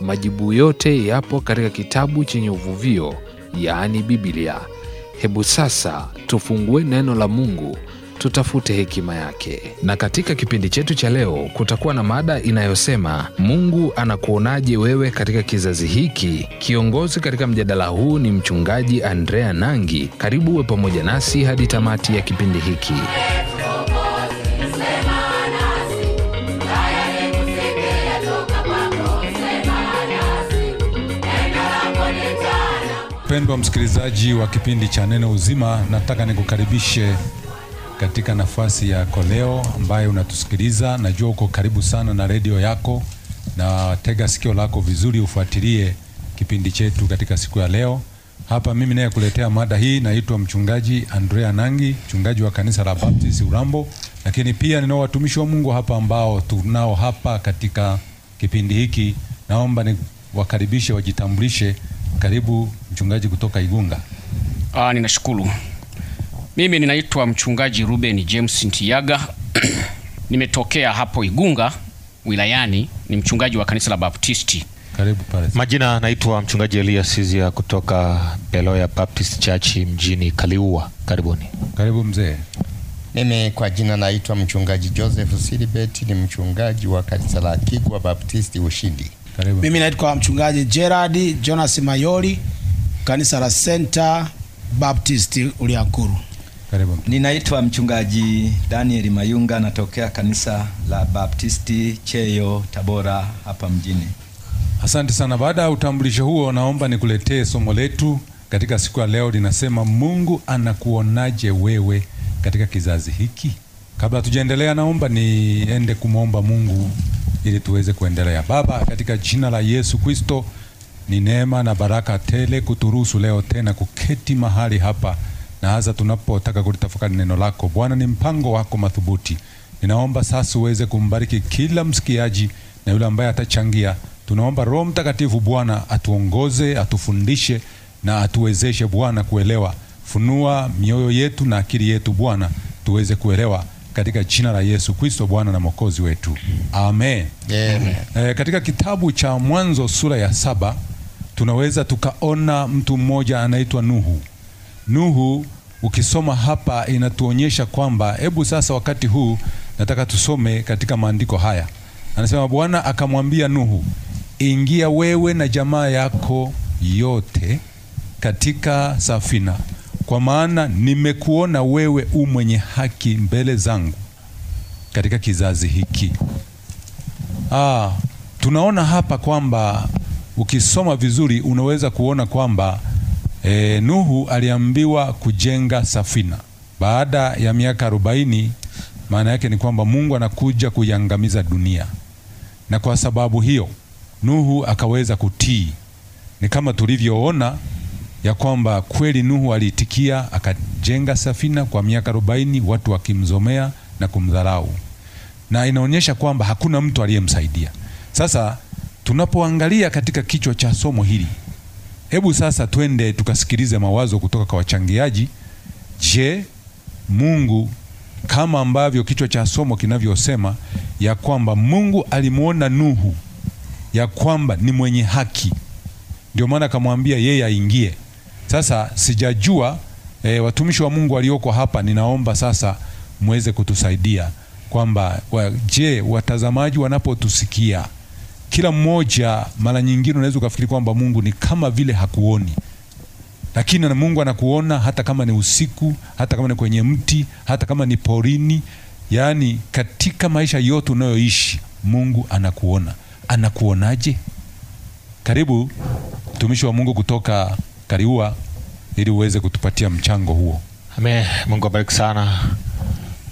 Majibu yote yapo katika kitabu chenye uvuvio, yaani Biblia. Hebu sasa tufungue neno la Mungu, tutafute hekima yake. Na katika kipindi chetu cha leo kutakuwa na mada inayosema Mungu anakuonaje wewe katika kizazi hiki? Kiongozi katika mjadala huu ni mchungaji Andrea Nangi. Karibu uwe pamoja nasi hadi tamati ya kipindi hiki. Mpendwa msikilizaji wa kipindi cha Neno Uzima, nataka nikukaribishe katika nafasi yako leo ambayo unatusikiliza. Najua uko karibu sana na redio yako, na tega sikio lako vizuri ufuatilie kipindi chetu katika siku ya leo. Hapa mimi naye kuletea mada hii, naitwa mchungaji Andrea Nangi, mchungaji wa kanisa la Baptist Urambo, lakini pia ninao watumishi wa Mungu hapa ambao tunao hapa katika kipindi hiki. Naomba niwakaribishe wajitambulishe. Karibu mchungaji kutoka Igunga. Ah, ninashukuru. Mimi ninaitwa mchungaji Ruben James Ntiyaga nimetokea hapo Igunga wilayani, ni mchungaji wa kanisa la Baptisti. Karibu pale. Majina naitwa mchungaji Elias Sizia kutoka Beloya Baptist Church mjini Kaliua. Karibuni. Karibu mzee. Mimi kwa jina naitwa mchungaji Joseph Silibeti, ni mchungaji wa kanisa la Kigwa Baptisti Ushindi. Karibu. Mimi naitwa mchungaji Gerard Jonas Mayori kanisa la Center Baptist Uliankuru. Karibu. Ninaitwa mchungaji Daniel Mayunga natokea kanisa la Baptisti Cheyo Tabora hapa mjini. Asante sana. Baada ya utambulisho huo, naomba nikuletee somo letu katika siku ya leo linasema, Mungu anakuonaje wewe katika kizazi hiki? Kabla tujaendelea, naomba niende kumwomba Mungu ili tuweze kuendelea. Baba, katika jina la Yesu Kristo ni neema na baraka tele kuturuhusu leo tena kuketi mahali hapa, na hasa tunapotaka kulitafakari neno lako Bwana. Ni mpango wako madhubuti. Ninaomba sasa uweze kumbariki kila msikiaji na yule ambaye atachangia. Tunaomba Roho Mtakatifu Bwana atuongoze, atufundishe na atuwezeshe Bwana kuelewa. Funua mioyo yetu na akili yetu Bwana, tuweze kuelewa katika jina la Yesu Kristo Bwana na Mwokozi wetu. Amen. Amen. E, katika kitabu cha Mwanzo sura ya saba tunaweza tukaona mtu mmoja anaitwa Nuhu. Nuhu ukisoma hapa inatuonyesha kwamba, hebu sasa wakati huu nataka tusome katika maandiko haya. Anasema Bwana akamwambia Nuhu, ingia wewe na jamaa yako yote katika safina, kwa maana nimekuona wewe u mwenye haki mbele zangu katika kizazi hiki. Ah, tunaona hapa kwamba ukisoma vizuri unaweza kuona kwamba e, Nuhu aliambiwa kujenga safina baada ya miaka arobaini. Maana yake ni kwamba Mungu anakuja kuiangamiza dunia, na kwa sababu hiyo Nuhu akaweza kutii. Ni kama tulivyoona ya kwamba kweli Nuhu aliitikia akajenga safina kwa miaka arobaini, watu wakimzomea na kumdharau, na inaonyesha kwamba hakuna mtu aliyemsaidia. Sasa Tunapoangalia katika kichwa cha somo hili, hebu sasa twende tukasikilize mawazo kutoka kwa wachangiaji. Je, Mungu kama ambavyo kichwa cha somo kinavyosema ya kwamba Mungu alimwona Nuhu ya kwamba ni mwenye haki, ndio maana akamwambia yeye aingie. Sasa sijajua e, watumishi wa Mungu walioko hapa, ninaomba sasa muweze kutusaidia kwamba wa, je watazamaji wanapotusikia kila mmoja, mara nyingine unaweza ukafikiri kwamba Mungu ni kama vile hakuoni, lakini na Mungu anakuona hata kama ni usiku, hata kama ni kwenye mti, hata kama ni porini. Yaani katika maisha yote unayoishi Mungu anakuona. Anakuonaje? Karibu mtumishi wa Mungu kutoka Kariua ili uweze kutupatia mchango huo. Amen. Mungu abariki sana.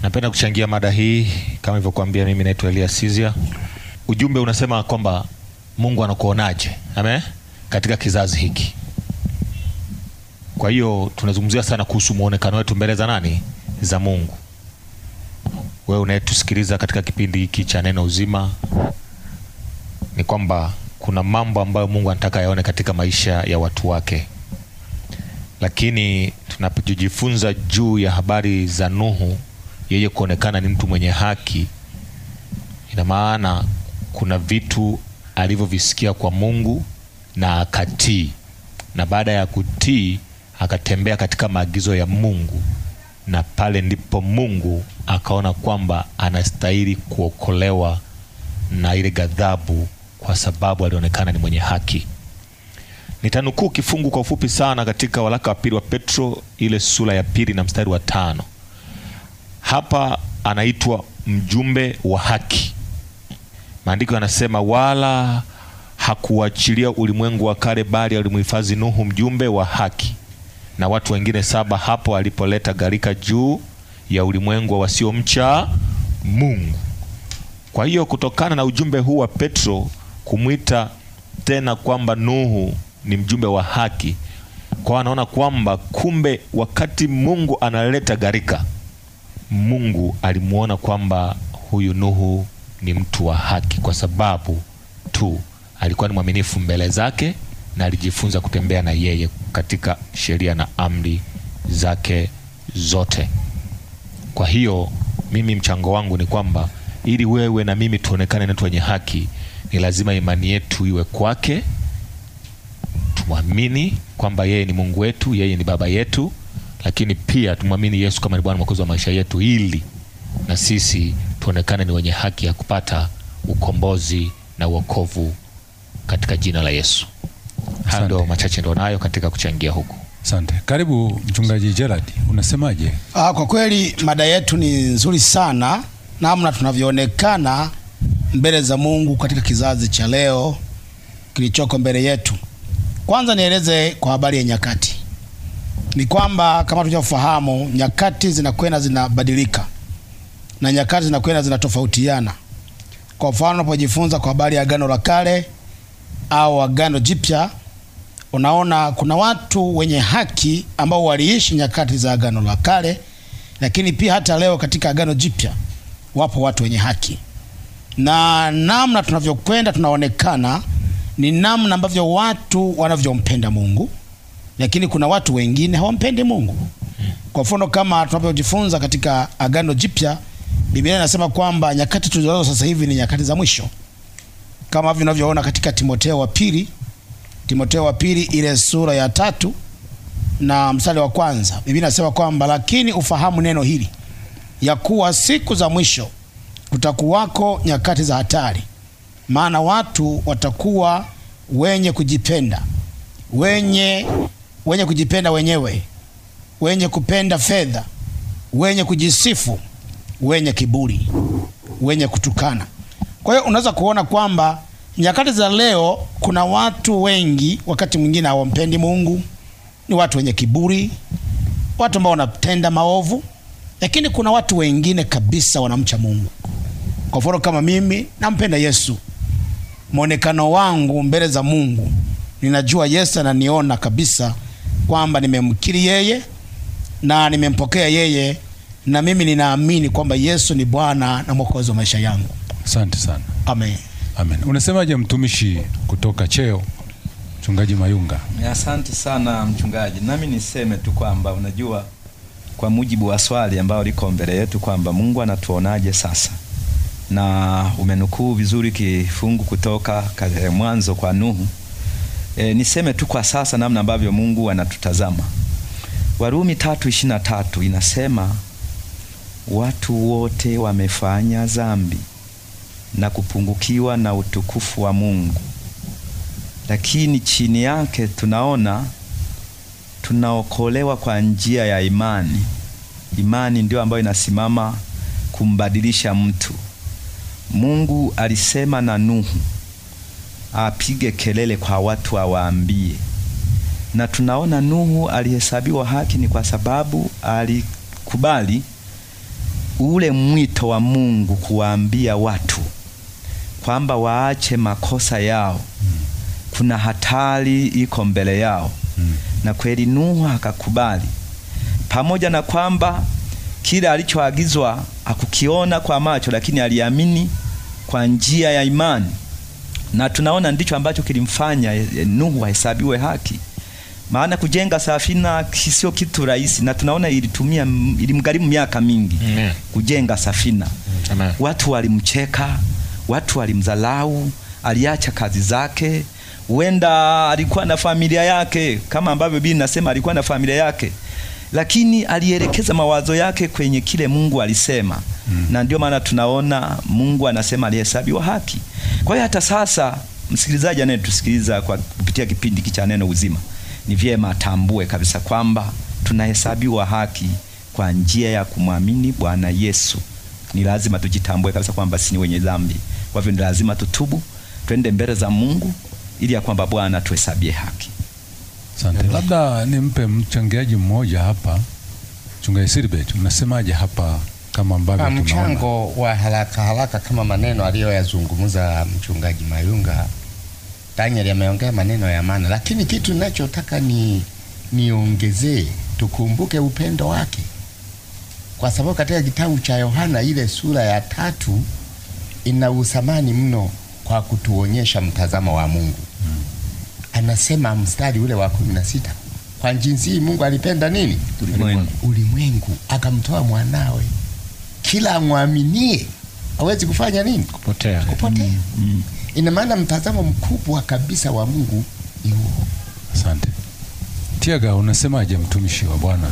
Napenda kuchangia mada hii kama ilivyokuambia, mimi naitwa Elias Sizia ujumbe unasema kwamba Mungu anakuonaje? Amen, katika kizazi hiki. Kwa hiyo tunazungumzia sana kuhusu muonekano wetu mbele za nani? Za Mungu. Wewe unayetusikiliza katika kipindi hiki cha Neno Uzima, ni kwamba kuna mambo ambayo Mungu anataka yaone katika maisha ya watu wake, lakini tunapojifunza juu ya habari za Nuhu, yeye kuonekana ni mtu mwenye haki, ina maana kuna vitu alivyovisikia kwa Mungu na akatii, na baada ya kutii akatembea katika maagizo ya Mungu, na pale ndipo Mungu akaona kwamba anastahili kuokolewa na ile ghadhabu, kwa sababu alionekana ni mwenye haki. Nitanukuu kifungu kwa ufupi sana katika waraka wa pili wa Petro ile sura ya pili na mstari wa tano. Hapa anaitwa mjumbe wa haki Maandiko yanasema wala hakuachilia ulimwengu wa kale, bali alimhifadhi Nuhu mjumbe wa haki na watu wengine saba hapo alipoleta gharika juu ya ulimwengu wa wasiomcha Mungu. Kwa hiyo kutokana na ujumbe huu wa Petro kumwita tena kwamba Nuhu ni mjumbe wa haki, kwa anaona kwamba kumbe wakati Mungu analeta gharika, Mungu alimuona kwamba huyu Nuhu ni mtu wa haki, kwa sababu tu alikuwa ni mwaminifu mbele zake na alijifunza kutembea na yeye katika sheria na amri zake zote. Kwa hiyo mimi mchango wangu ni kwamba ili wewe na mimi tuonekane ni watu wenye haki, ni lazima imani yetu iwe kwake, tumwamini kwamba yeye ni Mungu wetu, yeye ni Baba yetu, lakini pia tumwamini Yesu kama ni Bwana Mwokozi wa maisha yetu, ili na sisi tuonekane ni wenye haki ya kupata ukombozi na uokovu katika jina la Yesu. Hayo ndio machache ndo nayo katika kuchangia huku. Asante. Karibu Mchungaji Gerald, unasemaje? Ah, kwa kweli mada yetu ni nzuri sana, namna tunavyoonekana mbele za Mungu katika kizazi cha leo kilichoko mbele yetu. Kwanza nieleze kwa habari ya nyakati, ni kwamba kama tunavyofahamu nyakati zinakwenda zinabadilika na nyakati zinakwenda zinatofautiana. Kwa mfano, unapojifunza kwa habari ya Agano la Kale au Agano Jipya, unaona kuna watu wenye haki ambao waliishi nyakati za Agano la Kale, lakini pia hata leo katika Agano Jipya wapo watu wenye haki, na namna tunavyokwenda tunaonekana ni namna ambavyo watu wanavyompenda Mungu, lakini kuna watu wengine hawampendi Mungu. Kwa mfano kama tunavyojifunza katika Agano Jipya Biblia inasema kwamba nyakati tulizonazo sasa hivi ni nyakati za mwisho, kama vinavyoona katika Timotheo wa pili, Timotheo wa pili ile sura ya tatu na mstari wa kwanza. Biblia inasema kwamba lakini ufahamu neno hili ya kuwa siku za mwisho kutakuwako nyakati za hatari, maana watu watakuwa wenye kujipenda wenye, wenye kujipenda wenyewe, wenye kupenda fedha, wenye kujisifu wenye kiburi, wenye kutukana. Kwa hiyo unaweza kuona kwamba nyakati za leo kuna watu wengi, wakati mwingine hawampendi Mungu, ni watu wenye kiburi, watu ambao wanatenda maovu, lakini kuna watu wengine kabisa wanamcha Mungu. Kwa mfano kama mimi nampenda Yesu, mwonekano wangu mbele za Mungu, ninajua Yesu ananiona kabisa kwamba nimemkiri yeye na nimempokea yeye na mimi ninaamini kwamba Yesu ni Bwana na Mwokozi wa maisha yangu. Asante sana. Amen. Amen. Unasemaje mtumishi kutoka cheo Mchungaji Mayunga? Asante sana mchungaji, nami niseme tu kwamba unajua, kwa mujibu wa swali ambayo liko mbele yetu kwamba Mungu anatuonaje sasa, na umenukuu vizuri kifungu kutoka Mwanzo kwa Nuhu. E, niseme tu kwa sasa namna ambavyo Mungu anatutazama. Warumi tatu ishirini na tatu inasema watu wote wamefanya dhambi na kupungukiwa na utukufu wa Mungu. Lakini chini yake tunaona tunaokolewa kwa njia ya imani. Imani ndio ambayo inasimama kumbadilisha mtu. Mungu alisema na Nuhu apige kelele kwa watu awaambie, na tunaona Nuhu alihesabiwa haki ni kwa sababu alikubali ule mwito wa Mungu kuwaambia watu kwamba waache makosa yao kuna hatari iko mbele yao na kweli Nuhu akakubali, pamoja na kwamba kila alichoagizwa akukiona kwa macho, lakini aliamini kwa njia ya imani, na tunaona ndicho ambacho kilimfanya Nuhu ahesabiwe haki maana kujenga safina sio kitu rahisi, na tunaona ilitumia ilimgharimu miaka mingi mm, Amen. kujenga safina mm, Amen. Watu walimcheka, watu walimdhalau, aliacha kazi zake, huenda alikuwa na familia yake, kama ambavyo Biblia nasema alikuwa na familia yake, lakini alielekeza mawazo yake kwenye kile Mungu alisema hmm. na ndio maana tunaona Mungu anasema alihesabiwa haki. Kwa hiyo hata sasa, msikilizaji anayetusikiliza kwa kupitia kipindi cha Neno Uzima ni vyema atambue kabisa kwamba tunahesabiwa haki kwa njia ya kumwamini Bwana Yesu. Ni lazima tujitambue kabisa kwamba si ni wenye dhambi. Kwa hivyo ni lazima tutubu, twende mbele za Mungu ili ya kwamba Bwana tuhesabie haki. Asante. Labda nimpe mchangiaji mmoja hapa. Mchungaji Silbert, unasemaje hapa kama ambavyo ah, tunaona? Mchango wa haraka haraka kama maneno aliyoyazungumza mchungaji Mayunga Daniel ameongea maneno ya maana, lakini kitu ninachotaka ni niongezee, tukumbuke upendo wake, kwa sababu katika kitabu cha Yohana ile sura ya tatu ina usamani mno kwa kutuonyesha mtazamo wa Mungu. Hmm. Anasema mstari ule wa kumi na sita kwa jinsi hii Mungu alipenda nini ulimwengu, akamtoa mwanawe, kila amwaminie hawezi kufanya nini? Kupotea, kupotea. Mm. Mm. Ina maana mtazamo mkubwa kabisa wa Mungu ni huo. Asante. Tiaga, unasemaje mtumishi wa Bwana?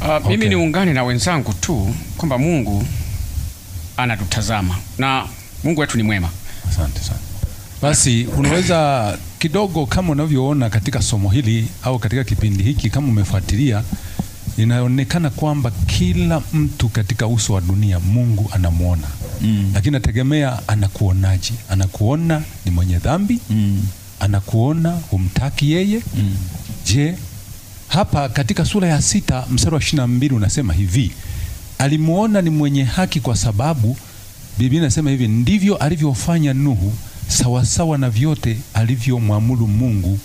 Uh, okay. Mimi niungane na wenzangu tu kwamba Mungu anatutazama na Mungu wetu ni mwema. Asante sana. Basi unaweza kidogo, kama unavyoona katika somo hili au katika kipindi hiki, kama umefuatilia inaonekana kwamba kila mtu katika uso wa dunia Mungu anamwona mm. Lakini nategemea anakuonaje? Anakuona ni mwenye dhambi mm. Anakuona humtaki yeye mm. Je, hapa katika sura ya sita mstari wa ishirini na mbili unasema hivi, alimuona ni mwenye haki kwa sababu Biblia inasema hivi, ndivyo alivyofanya Nuhu sawasawa na vyote alivyomwamuru Mungu,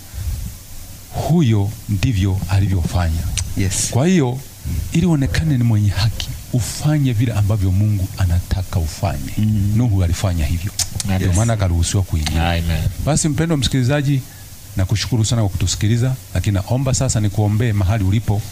huyo ndivyo alivyofanya. Yes. Kwa hiyo ili uonekane ni mwenye haki ufanye vile ambavyo Mungu anataka ufanye. mm -hmm. Nuhu alifanya hivyo ndio yes. maana akaruhusiwa kuingia. Amen. Basi mpendo msikilizaji, nakushukuru sana kwa kutusikiliza, lakini naomba sasa nikuombee mahali ulipo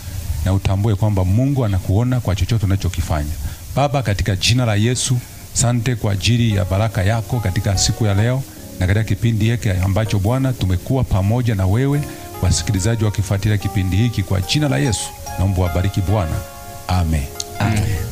na utambue kwamba Mungu anakuona kwa chochote unachokifanya. Baba, katika jina la Yesu, sante kwa ajili ya baraka yako katika siku ya leo na katika kipindi hiki ambacho Bwana tumekuwa pamoja na wewe wasikilizaji wakifuatilia kipindi hiki. Kwa jina la Yesu naomba wabariki Bwana, amen, amen.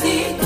quase